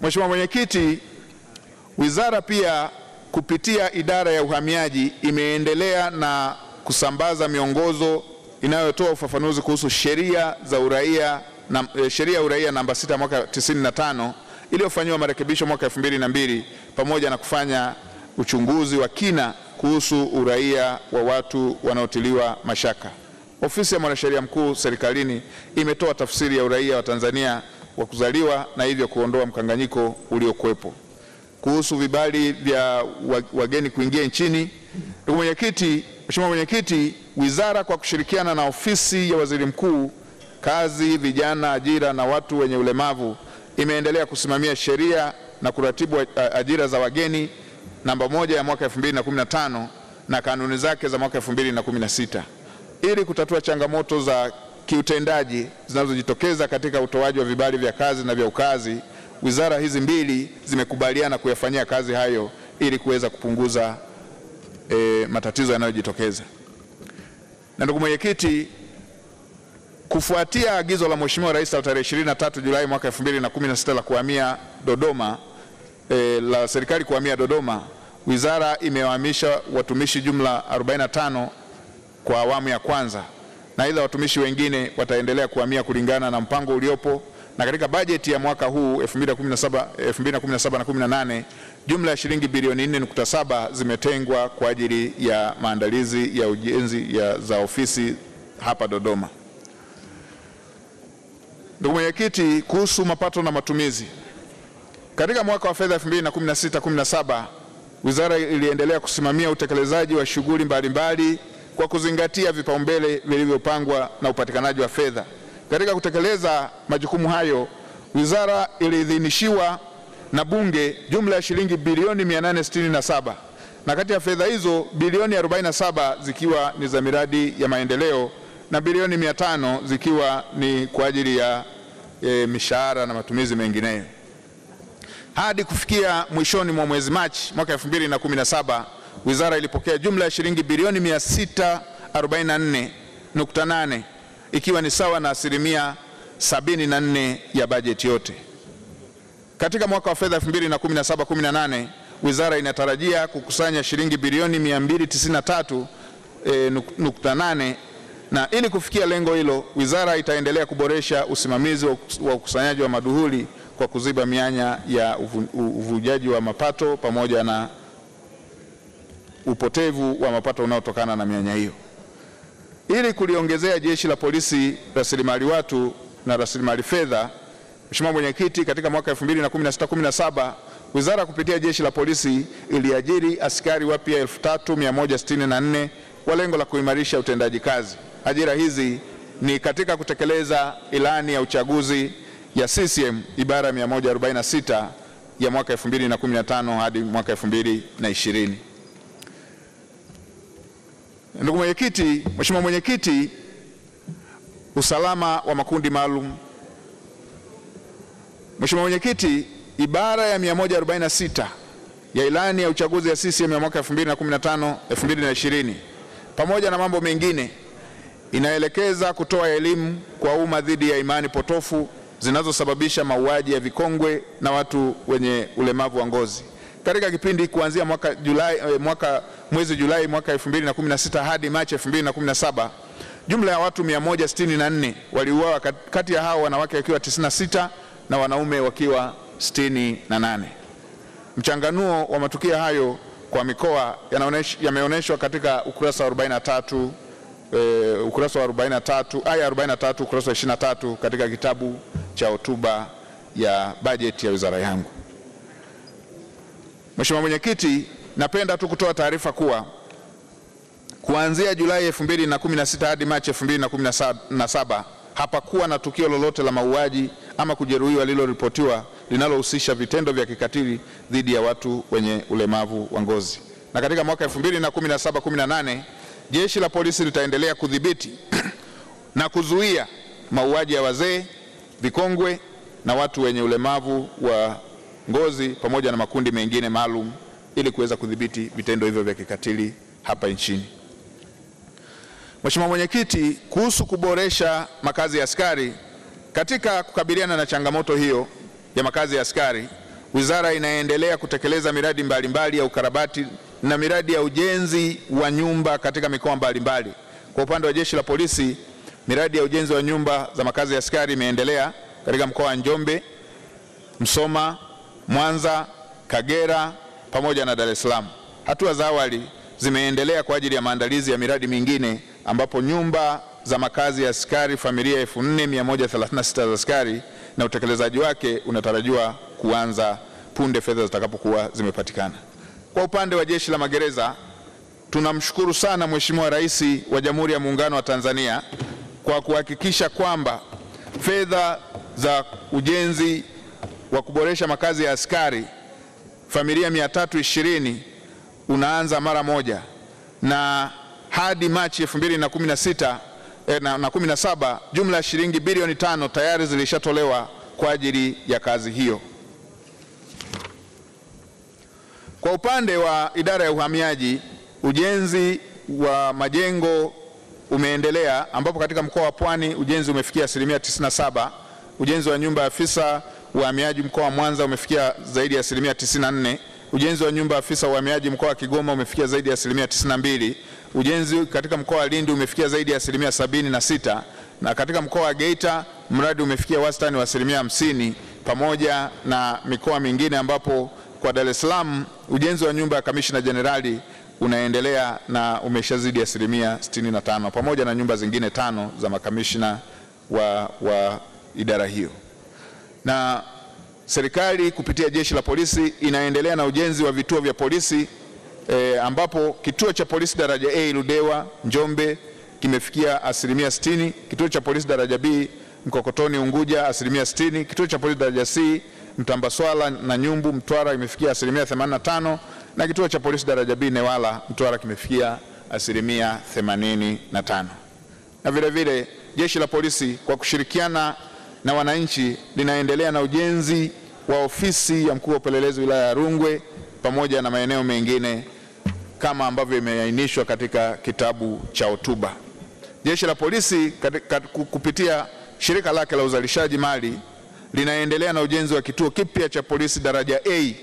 Mheshimiwa Mwenyekiti, wizara pia kupitia idara ya uhamiaji imeendelea na kusambaza miongozo inayotoa ufafanuzi kuhusu sheria za uraia na e, sheria ya uraia namba 6 mwaka 95 iliyofanyiwa marekebisho mwaka 2002 pamoja na kufanya uchunguzi wa kina kuhusu uraia wa watu wanaotiliwa mashaka. Ofisi ya Mwanasheria Mkuu serikalini imetoa tafsiri ya uraia wa Tanzania wa kuzaliwa na hivyo kuondoa mkanganyiko uliokuwepo. Kuhusu vibali vya wageni kuingia nchini, ndugu mwenyekiti, Mheshimiwa Mwenyekiti, wizara kwa kushirikiana na ofisi ya waziri mkuu, kazi, vijana, ajira na watu wenye ulemavu imeendelea kusimamia sheria na kuratibu ajira za wageni namba moja ya mwaka 2015 na kanuni zake za mwaka 2016 ili kutatua changamoto za kiutendaji zinazojitokeza katika utoaji wa vibali vya kazi na vya ukazi, wizara hizi mbili zimekubaliana kuyafanyia kazi hayo ili kuweza kupunguza e, matatizo yanayojitokeza. Na ndugu mwenyekiti, kufuatia agizo la Mheshimiwa Rais la tarehe 23 Julai mwaka 2016 la kuhamia Dodoma e, la serikali kuhamia Dodoma, wizara imewahamisha watumishi jumla 45 kwa awamu ya kwanza na aidha watumishi wengine wataendelea kuhamia kulingana na mpango uliopo na katika bajeti ya mwaka huu 2017 na 18 jumla ya shilingi bilioni 4.7 zimetengwa kwa ajili ya maandalizi ya ujenzi ya za ofisi hapa Dodoma. Ndugu Mwenyekiti, kuhusu mapato na matumizi, katika mwaka wa fedha 2016 17 wizara iliendelea kusimamia utekelezaji wa shughuli mbalimbali kwa kuzingatia vipaumbele vilivyopangwa na upatikanaji wa fedha. Katika kutekeleza majukumu hayo, wizara iliidhinishiwa na Bunge jumla ya shilingi bilioni 867 na kati ya fedha hizo bilioni 47 zikiwa ni za miradi ya maendeleo na bilioni 500 zikiwa ni kwa ajili ya e, mishahara na matumizi mengineyo. Hadi kufikia mwishoni mwa mwezi Machi mwaka 2017 wizara ilipokea jumla ya shilingi bilioni 644.8 ikiwa ni sawa na asilimia 74 ya bajeti yote. Katika mwaka wa fedha 2017/18 wizara inatarajia kukusanya shilingi bilioni 293.8 e, na ili kufikia lengo hilo, wizara itaendelea kuboresha usimamizi wa ukusanyaji wa maduhuli kwa kuziba mianya ya uvujaji wa mapato pamoja na upotevu wa mapato unaotokana na mianya hiyo. Ili kuliongezea jeshi la polisi rasilimali watu na rasilimali fedha, Mheshimiwa Mwenyekiti, katika mwaka 2016/17 wizara kupitia jeshi la polisi iliajiri askari wapya 3164 kwa lengo la kuimarisha utendaji kazi. Ajira hizi ni katika kutekeleza ilani ya uchaguzi ya CCM ibara 146 ya mwaka 2015 hadi mwaka 2020. Ndugu mwenyekiti, Mheshimiwa mwenyekiti, usalama wa makundi maalum. Mheshimiwa mwenyekiti, ibara ya 146 ya ilani ya uchaguzi ya CCM ya mwaka 2015 2020 pamoja na mambo mengine inaelekeza kutoa elimu kwa umma dhidi ya imani potofu zinazosababisha mauaji ya vikongwe na watu wenye ulemavu wa ngozi katika kipindi kuanzia mwaka Julai, eh, mwaka mwezi Julai mwaka 2016 hadi Machi 2017 jumla ya watu 164 waliuawa, kati ya hao wanawake wakiwa 96 na wanaume wakiwa 68. Mchanganuo wa matukio hayo kwa mikoa yameonyeshwa katika ukurasa wa 43 e, eh, ukurasa wa 43 aya 43 ukurasa wa 23 katika kitabu cha hotuba ya bajeti ya wizara yangu. Mheshimiwa Mwenyekiti, Napenda tu kutoa taarifa kuwa kuanzia Julai 2016 hadi Machi 2017 hapakuwa na tukio lolote la mauaji ama kujeruhiwa lililoripotiwa linalohusisha vitendo vya kikatili dhidi ya watu wenye ulemavu wa ngozi. Na katika mwaka 2017 18 jeshi la polisi litaendelea kudhibiti na kuzuia mauaji ya wazee, vikongwe na watu wenye ulemavu wa ngozi pamoja na makundi mengine maalum ili kuweza kudhibiti vitendo hivyo vya kikatili hapa nchini. Mheshimiwa Mwenyekiti, kuhusu kuboresha makazi ya askari, katika kukabiliana na changamoto hiyo ya makazi ya askari, wizara inaendelea kutekeleza miradi mbalimbali mbali ya ukarabati na miradi ya ujenzi wa nyumba katika mikoa mbalimbali. Kwa upande wa jeshi la polisi, miradi ya ujenzi wa nyumba za makazi ya askari imeendelea katika mkoa wa Njombe, Msoma, Mwanza, Kagera pamoja na Dar es Salaam. Hatua za awali zimeendelea kwa ajili ya maandalizi ya miradi mingine ambapo nyumba za makazi ya askari familia 4136 za askari na utekelezaji wake unatarajiwa kuanza punde fedha zitakapokuwa zimepatikana. Kwa upande wa Jeshi la Magereza, tunamshukuru sana Mheshimiwa Rais wa Jamhuri ya Muungano wa Tanzania kwa kuhakikisha kwamba fedha za ujenzi wa kuboresha makazi ya askari familia 320 unaanza mara moja, na hadi Machi 2016 eh, na, na 17 jumla ya shilingi bilioni tano tayari zilishatolewa kwa ajili ya kazi hiyo. Kwa upande wa idara ya uhamiaji, ujenzi wa majengo umeendelea ambapo katika mkoa wa Pwani ujenzi umefikia asilimia 97, ujenzi wa nyumba ya afisa uhamiaji mkoa wa Mwanza umefikia zaidi ya asilimia 94, ujenzi wa nyumba afisa uhamiaji mkoa wa Kigoma umefikia zaidi ya asilimia 92, ujenzi katika mkoa wa Lindi umefikia zaidi ya asilimia 76, na katika mkoa wa Geita mradi umefikia wastani wa asilimia hamsini pamoja na mikoa mingine ambapo kwa Dar es Salaam ujenzi wa nyumba ya kamishna jenerali unaendelea na umeshazidi asilimia 65 pamoja na nyumba zingine tano za makamishna wa, wa idara hiyo na serikali kupitia jeshi la polisi inaendelea na ujenzi wa vituo vya polisi e, ambapo kituo cha polisi daraja A Ludewa Njombe kimefikia asilimia 60, kituo cha polisi daraja B Mkokotoni Unguja asilimia 60, kituo cha polisi daraja C Mtambaswala na Nyumbu Mtwara kimefikia asilimia 85 na kituo cha polisi daraja B Newala Mtwara kimefikia asilimia 85. Na vilevile jeshi la polisi kwa kushirikiana na wananchi linaendelea na ujenzi wa ofisi ya mkuu wa upelelezi wilaya ya Rungwe pamoja na maeneo mengine kama ambavyo imeainishwa katika kitabu cha hotuba. Jeshi la polisi katika, kupitia shirika lake la uzalishaji mali linaendelea na ujenzi wa kituo kipya cha polisi daraja A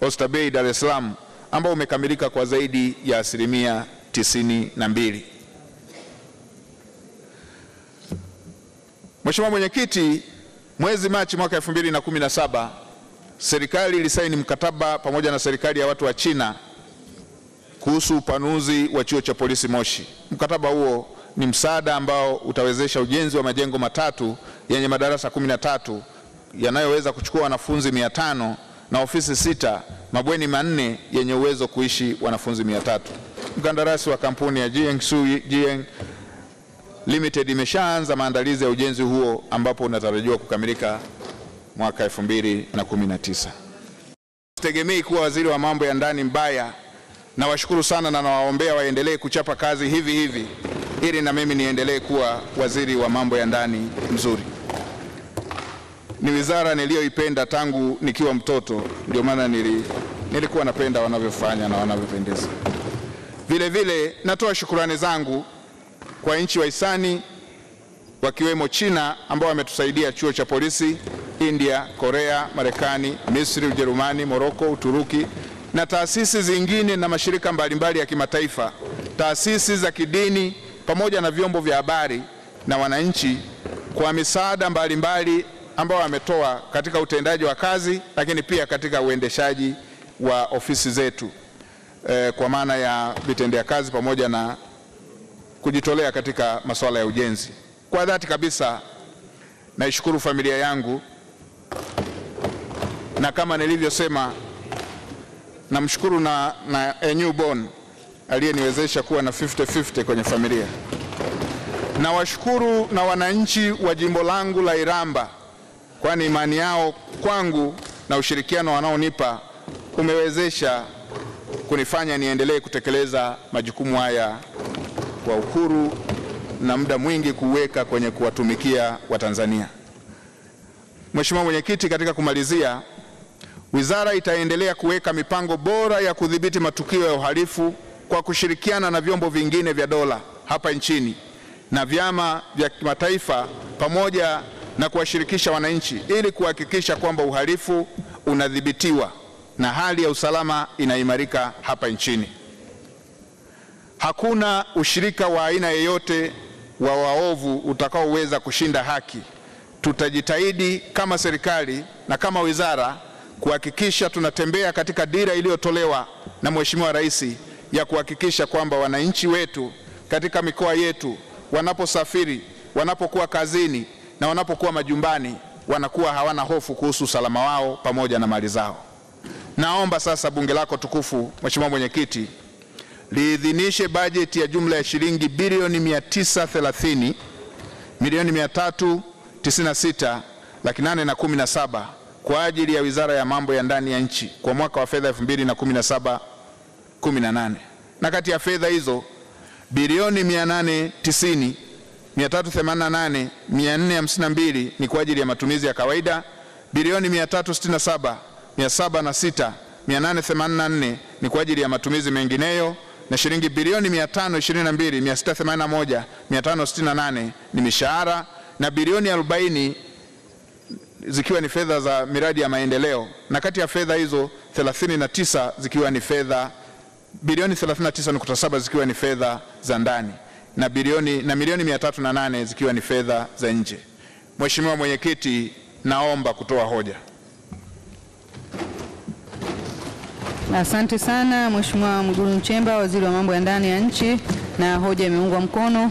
Oysterbay Dar es Salaam ambao umekamilika kwa zaidi ya asilimia tisini na mbili. Mheshimiwa Mwenyekiti, mwezi Machi mwaka 2017 serikali ilisaini mkataba pamoja na serikali ya watu wa China kuhusu upanuzi wa chuo cha polisi Moshi. Mkataba huo ni msaada ambao utawezesha ujenzi wa majengo matatu yenye madarasa 13 yanayoweza kuchukua wanafunzi 500 na ofisi sita, mabweni manne yenye uwezo kuishi wanafunzi 300. Mkandarasi wa kampuni ya Jiangsu Jiang Limited imeshaanza maandalizi ya ujenzi huo ambapo unatarajiwa kukamilika mwaka 2019. Tegemei kuwa waziri wa mambo ya ndani mbaya. Nawashukuru sana na nawaombea waendelee kuchapa kazi hivi hivi ili na mimi niendelee kuwa waziri wa mambo ya ndani mzuri. Ni wizara niliyoipenda tangu nikiwa mtoto, ndio maana nili, nilikuwa napenda wanavyofanya na wanavyopendeza. Vile vile natoa shukurani zangu kwa nchi wahisani wakiwemo China ambao wametusaidia chuo cha polisi, India, Korea, Marekani, Misri, Ujerumani, Moroko, Uturuki na taasisi zingine na mashirika mbalimbali ya kimataifa, taasisi za kidini, pamoja na vyombo vya habari na wananchi kwa misaada mbalimbali ambao wametoa katika utendaji wa kazi, lakini pia katika uendeshaji wa ofisi zetu e, kwa maana ya vitendea kazi pamoja na kujitolea katika masuala ya ujenzi. Kwa dhati kabisa naishukuru familia yangu, na kama nilivyosema, namshukuru na, na a newborn aliyeniwezesha kuwa na 50-50 kwenye familia. Nawashukuru na wananchi wa jimbo langu la Iramba, kwani imani yao kwangu na ushirikiano wanaonipa umewezesha kunifanya niendelee kutekeleza majukumu haya kwa uhuru na muda mwingi kuweka kwenye kuwatumikia Watanzania. Mheshimiwa Mwenyekiti, katika kumalizia, wizara itaendelea kuweka mipango bora ya kudhibiti matukio ya uhalifu kwa kushirikiana na vyombo vingine vya dola hapa nchini na vyama vya kimataifa pamoja na kuwashirikisha wananchi ili kuhakikisha kwamba uhalifu unadhibitiwa na hali ya usalama inaimarika hapa nchini. Hakuna ushirika wa aina yeyote wa waovu utakaoweza kushinda haki. Tutajitahidi kama serikali na kama wizara kuhakikisha tunatembea katika dira iliyotolewa na Mheshimiwa Rais ya kuhakikisha kwamba wananchi wetu katika mikoa yetu wanaposafiri, wanapokuwa kazini na wanapokuwa majumbani wanakuwa hawana hofu kuhusu usalama wao pamoja na mali zao. Naomba sasa bunge lako tukufu, Mheshimiwa Mwenyekiti, liidhinishe bajeti ya jumla ya shilingi bilioni 930 milioni 396 laki nane na kumi na saba kwa ajili ya Wizara ya Mambo ya Ndani ya Nchi kwa mwaka wa fedha 2017 18 na kati ya fedha hizo bilioni 890 388 452 ni kwa ajili ya matumizi ya kawaida, bilioni 367 706 884 ni kwa ajili ya matumizi mengineyo na shilingi bilioni 522,681,568 ni mishahara na bilioni 40 zikiwa ni fedha za miradi ya maendeleo, na kati ya fedha hizo 39 zikiwa ni fedha bilioni 39.7 zikiwa ni fedha za ndani na bilioni na milioni 308 zikiwa ni fedha za nje. Mheshimiwa Mwenyekiti, naomba kutoa hoja. Asante sana Mheshimiwa Mgulu mchemba waziri wa mambo ya ndani ya nchi, na hoja imeungwa mkono.